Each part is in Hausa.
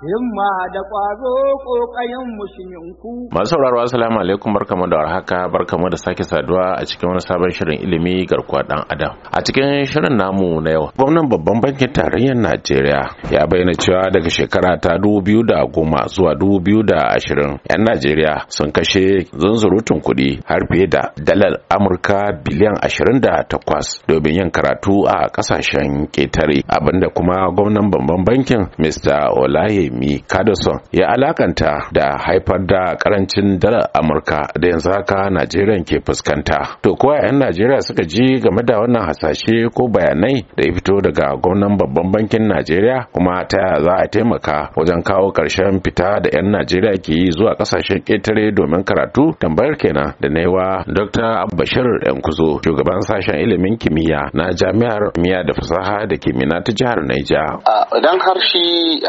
himma da ƙwazo ƙoƙayen Masu sauraro assalamu alaikum barkamu da warhaka barkamu da sake saduwa a cikin wani sabon shirin ilimi garkuwa dan adam. A cikin shirin namu na yau gwamnan babban bankin tarayyar Najeriya ya bayyana cewa daga shekara ta dubu biyu da goma zuwa dubu biyu da ashirin yan Najeriya sun kashe zunzurutun kuɗi har fiye da dalar Amurka biliyan ashirin da takwas domin yin karatu a ƙasashen ƙetare abinda kuma gwamnan babban bankin Mr. Olaye Jimmy Cardoson ya alakanta da haifar da karancin dalar Amurka da yanzu haka Najeriya ke fuskanta. To kowa 'yan Najeriya suka ji game da wannan hasashe ko bayanai da ya fito daga gwamnan babban bankin Najeriya kuma ta za a taimaka wajen kawo ƙarshen fita da 'yan Najeriya ke yi zuwa ƙasashen ƙetare domin karatu tambayar kenan da naiwa Dr. Bashir Yankuzo shugaban sashen ilimin kimiyya na jami'ar miya da fasaha da kimiyya ta jihar Naija. Idan har shi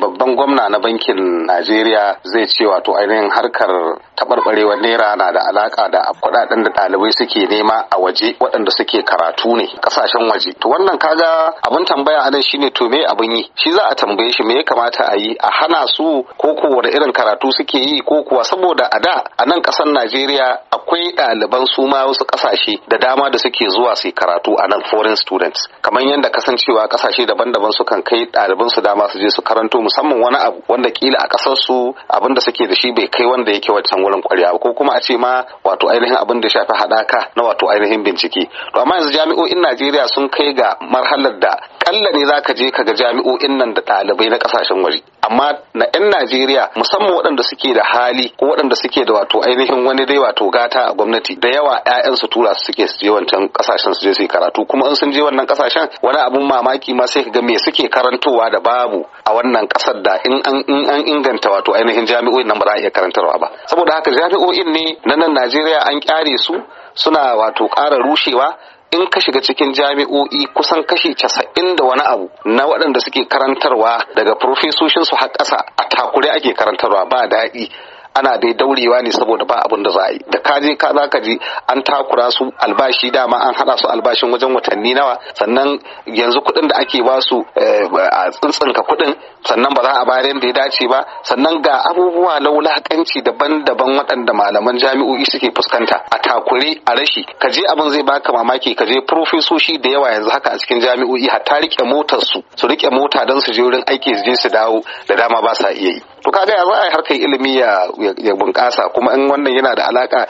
babban babban gwamna na bankin Najeriya zai ce wato ainihin harkar taɓarɓarewar naira na da alaka da kuɗaɗen da ɗalibai suke nema a waje waɗanda suke karatu ne ƙasashen waje. To wannan kaga abin tambaya anan shine to me abin yi? Shi za a tambaye shi me ya kamata a yi a hana su ko ko wani irin karatu suke yi ko kuwa saboda a da a nan ƙasar Najeriya akwai ɗaliban su ma wasu ƙasashe da dama da suke zuwa su karatu a nan foreign students kamar yadda kasancewa ƙasashe daban-daban sukan kai ɗaliban su dama su je su karanto musamman samun wani abu wanda kila a kasar su abin da suke da shi bai kai wanda yake wancan wurin kwarya ba ko kuma a ce ma wato ainihin abin da shafi hadaka na wato ainihin bincike to amma yanzu jami'o'in Najeriya sun kai ga marhalar da kalla ne zaka je ka ga jami'o'in nan da ɗalibai na kasashen waje amma na 'yan Najeriya musamman waɗanda suke da hali ko waɗanda suke da wato ainihin wani dai wato gata a gwamnati da yawa 'ya'yansu tura su suke su je wancan kasashen su je su karatu kuma in sun je wannan kasashen wani abun mamaki ma sai ka ga me suke karantowa da babu a wannan kasar da in an inganta wato ainihin jami'o'in nan ba za a iya karantarwa ba saboda haka jami'o'in ne na nan Najeriya an kyare su suna wato ƙara rushewa in ka shiga cikin jami'o'i kusan kashi casa'in da wani abu na waɗanda suke karantarwa daga profesoshinsu har ƙasa a takure ake karantarwa ba daɗi ana dai daurewa ne saboda ba abin da za a yi da kaje ka za ka ji an takura su albashi dama an haɗa su albashin wajen watanni nawa sannan yanzu kuɗin da ake ba su eh, a tsintsinka kuɗin sannan ba za a bayar da ya dace ba sannan ga abubuwa na wulakanci daban-daban waɗanda malaman jami'o'i suke fuskanta a takure a rashi ka je abin zai baka mamaki ka je profesoshi da yawa yanzu haka a cikin jami'o'i hatta rike motar su su rike mota don su je wurin aiki su je su dawo da dama ba sa iya yi to ka ya za a harkar ilimi ya bunƙasa kuma in wannan yana da alaka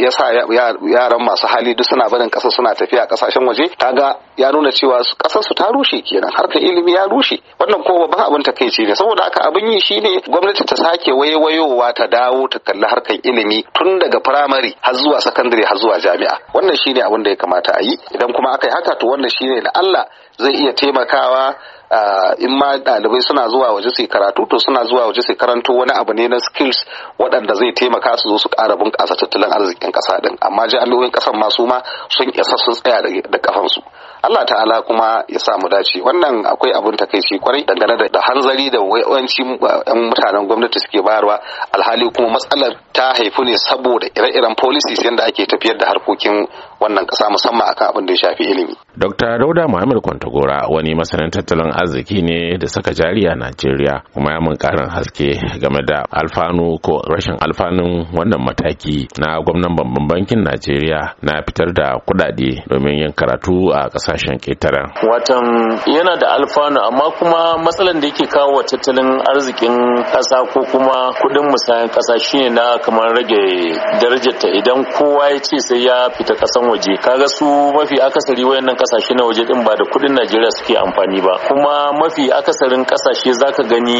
ya sa yaran masu hali duk suna barin ƙasa suna tafiya ƙasashen waje ga ya nuna cewa ƙasar su ta rushe kenan harkar ilimi ya rushe wannan ko babban abin ce ne saboda haka abin yi shine gwamnati ta sake waiwayowa ta dawo ta kalli harkar ilimi tun daga firamare har zuwa sakandare har zuwa jami'a wannan shine abin da ya kamata a yi idan kuma aka yi haka to wannan shine da Allah zai iya taimakawa Ah, in ma dalibai suna zuwa waje su karatu to suna zuwa waje su karanto wani abu ne na skills waɗanda zai taimaka su zo su ƙara bunƙasa tattalin arzikin ƙasa din amma jami'o'in ƙasar masu ma sun isa sun tsaya da ƙafansu Allah ta'ala kuma ya sa mu dace wannan akwai abin takaici kwarai dangane da hanzari da wayoyanci yan mutanen gwamnati suke bayarwa alhali kuma matsalar ta haifu ne saboda ire-iren policies yadda ake tafiyar da harkokin wannan ƙasa musamman akan abin da ya shafi ilimi Dr. Dauda Muhammad Kwantagora wani masanin tattalin arziki ne da saka jari a Najeriya kuma ya mun karin haske game da alfanu ko rashin alfanun wannan mataki na gwamnan babban bankin Najeriya na fitar da kudade domin yin karatu a kasashen ƙetaren. Watan yana da alfanu amma kuma matsalan da yake kawo wa tattalin arzikin kasa ko kuma kuɗin musayan ƙasa shine na kamar rage darajarta idan kowa ya ce sai ya fita ƙasan waje ka ga su mafi akasari wayannan kasashe na waje din ba da kudin Najeriya suke amfani ba kuma mafi akasarin kasashe zaka gani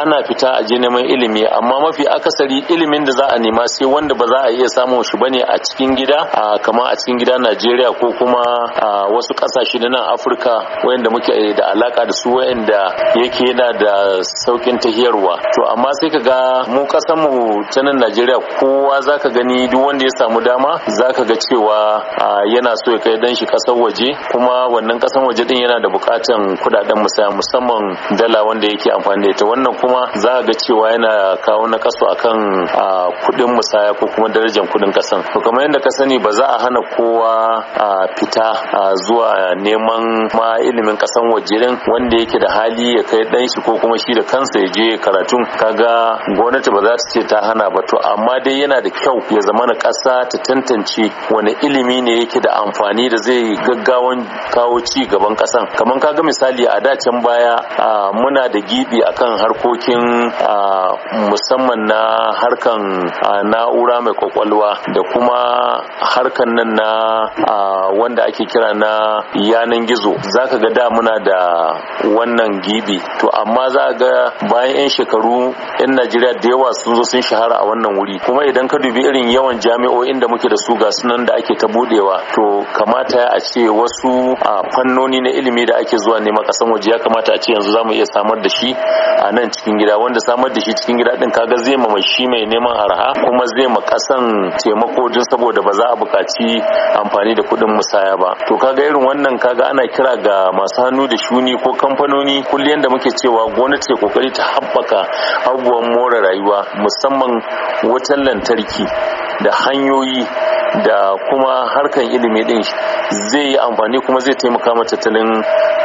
ana fita a je neman ilimi amma mafi akasari ilimin da za a nema sai wanda ba za a iya samun shi bane a cikin gida kamar a cikin gida Najeriya ko kuma wasu kasashe na nan Afirka wayanda muke eh, da alaka da su wayanda yake yana da saukin tahiyarwa to amma sai ka ga mu kasan mu ta nan Najeriya kowa zaka gani duk wanda ya samu dama zaka ga cewa yana so ya kai dan shi kasar waje kuma wannan kasan waje din yana da bukatan kudaden musaya musamman dala wanda yake amfani da ita wannan kuma za ga cewa yana kawo na kaso akan kudin musaya ko kuma darajar kudin kasan to kamar yadda ka sani ba za a hana kowa fita zuwa neman ma ilimin kasan waje din wanda yake da hali ya kai dan shi ko kuma shi da kansa ya je karatun kaga gwamnati ba za ta ce ta hana ba to amma dai yana da kyau ya zama na kasa ta tantance wani ilimi ne yake da amfani da zai ga gaggawan kawo ci gaban kasan kamar kaga misali a da can baya muna da gibi akan harkokin musamman na harkan na'ura mai kwakwalwa da kuma harkan nan na wanda ake kira na yanan gizo za ka ga da muna da wannan gibi to amma za ga bayan 'yan shekaru 'yan najeriya da yawa sun zo sun shahara a wannan wuri kuma idan ka dubi irin yawan jami'o'in da muke da su ga sunan da ake ta budewa to kamata a ce wasu wasu fannoni na ilimi da ake zuwa neman kasan waje ya kamata a ce yanzu zamu iya samar da shi a nan cikin gida wanda samar da shi cikin gida din kaga zai ma shi mai neman arha kuma zai ma kasan taimako din saboda ba za a buƙaci amfani da kuɗin musaya ba to kaga irin wannan kaga ana kira ga masu hannu da shuni ko kamfanoni kulliyan da muke cewa gwamnati ce kokari ta haɓaka abubuwan more rayuwa musamman wutar lantarki da hanyoyi da kuma harkan ilimi din zai yi amfani kuma zai taimaka ma tattalin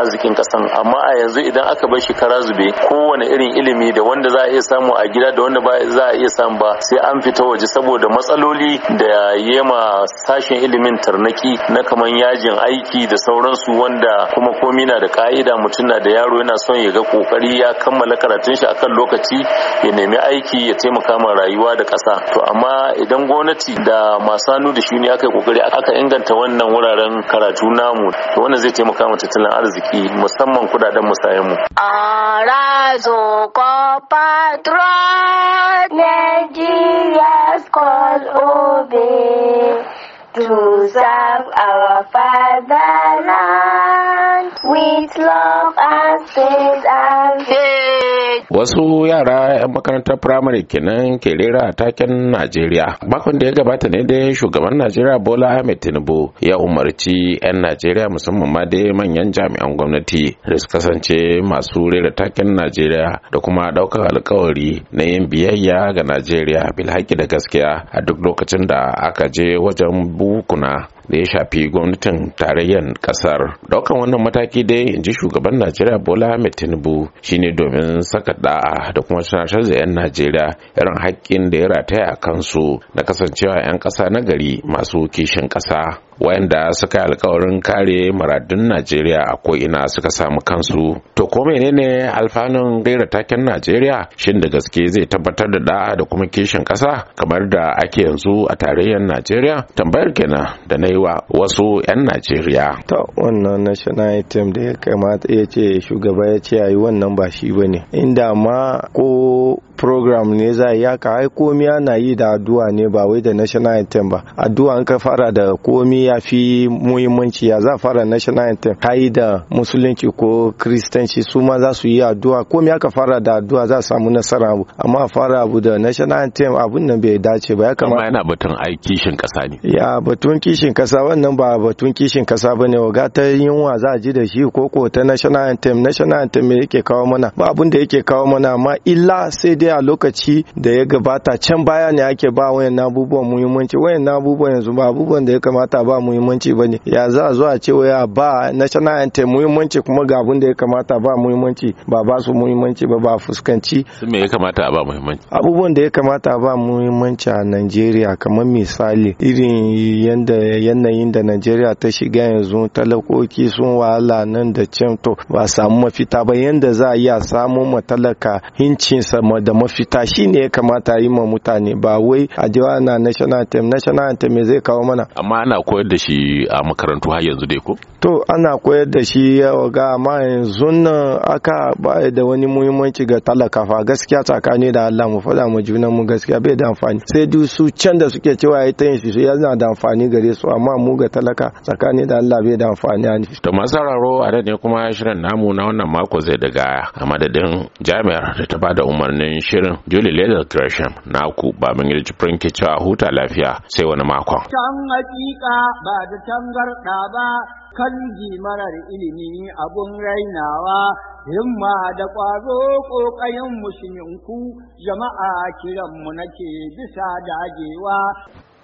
arzikin kasan amma a yanzu idan aka bar shi kara zube kowane irin ilimi da wanda za a iya samu a gida da wanda ba za a iya samu ba sai an fita waje saboda matsaloli da yema sashen ilimin tarnaki na kaman yajin aiki da sauransu wanda kuma komi na da ka'ida mutum na da yaro yana son ya ga kokari ya kammala karatun shi akan lokaci ya nemi aiki ya taimaka ma rayuwa da ƙasa to amma idan gwamnati da masu da shi ne aka yi kokari aka inganta wannan wuraren karatu namu to wannan zai taimaka mu tattalin arziki musamman kudaden musayen mu arazo ko patron Nigeria's call obe to serve our fatherland with love and faith and faith. wasu yara 'yan makarantar firamare kenan ke rera taken najeriya makon da ya gabata ne dai shugaban najeriya bola ahmed tinubu ya umarci 'yan najeriya musamman ma dai manyan jami'an gwamnati da su kasance masu rera taken najeriya da kuma ɗaukar alkawari na yin biyayya ga najeriya bilhaki da gaskiya a duk lokacin da aka je wajen bukuna da ya shafi gwamnatin tarayyar kasar daukan wannan mataki dai in ji shugaban najeriya bola ahmed tinubu shine domin saka da'a da kuma suna da 'yan najeriya irin haƙƙin da ya rataya a kansu na kasancewa 'yan ƙasa na gari masu kishin ƙasa wayanda suka yi alkawarin kare muradun najeriya a ko'ina suka samu kansu to ko menene alfanun gaira taken najeriya shin da gaske zai tabbatar da da'a da kuma kishin kasa kamar da ake yanzu a tarayyar najeriya tambayar kenan da na yi wa wasu 'yan najeriya to wannan national item da ya kamata ya ce shugaba ya ce yi wannan ba shi bane inda ma ko program ne za a yaka ai komiya na yi da addu'a ne ba wai da national anthem ba addu'a an ka fara da komi ya fi muhimmanci ya za fara national anthem kai da musulunci ko kristanci su ma za su yi addu'a komi aka fara da addu'a za samu nasara abu amma fara abu da national anthem abun nan bai dace ba ya kamata yana batun ai kishin kasa ne ya batun kishin kasa wannan ba batun kishin kasa bane waga ta yunwa za a ji da shi ko ko ta national anthem national anthem me yake kawo mana ba abun da yake kawo mana amma illa sai dai a lokaci da ya gabata can baya ne ake ba wayan abubuwan muhimmanci wayan abubuwan yanzu ba abubuwan da ya kamata ba muhimmanci ba ne ya za a zo a ce waya ba national anthem muhimmanci kuma ga abun da ya kamata ba muhimmanci ba ba su muhimmanci ba ba fuskanci me ya kamata a ba muhimmanci abubuwan da ya kamata a ba muhimmanci a Najeriya kamar misali irin yanda yanayin da Najeriya ta shiga yanzu talakoki sun wahala nan da can to ba samu mafita ba yanda za a a samu matalaka hincinsa da mafita shi ne ya kamata yi ma mutane ba wai a jiwa na national anthem national anthem me zai kawo mana amma ana koyar da shi a makarantu har yanzu dai ko to ana koyar da shi yawa ga amma yanzu nan aka ba da wani muhimmanci ga talaka fa gaskiya tsakani da Allah mu faɗa mu juna mu gaskiya bai da amfani sai duk su can da suke cewa ya ta yin shi yana da amfani gare su amma mu ga talaka tsakani da Allah bai da amfani a to masu sauraro a ne kuma shirin namu na wannan mako zai daga a madadin jami'ar da ta bada umarnin shirin Julie Leather Gresham ku ba mun yi jifirin ke cewa huta lafiya sai wani makon. Can hakika ba da tangarɗa ba kan marar ilimi abun rainawa himma da ƙwazo ƙoƙayen musulminku jama'a kiranmu nake bisa dagewa.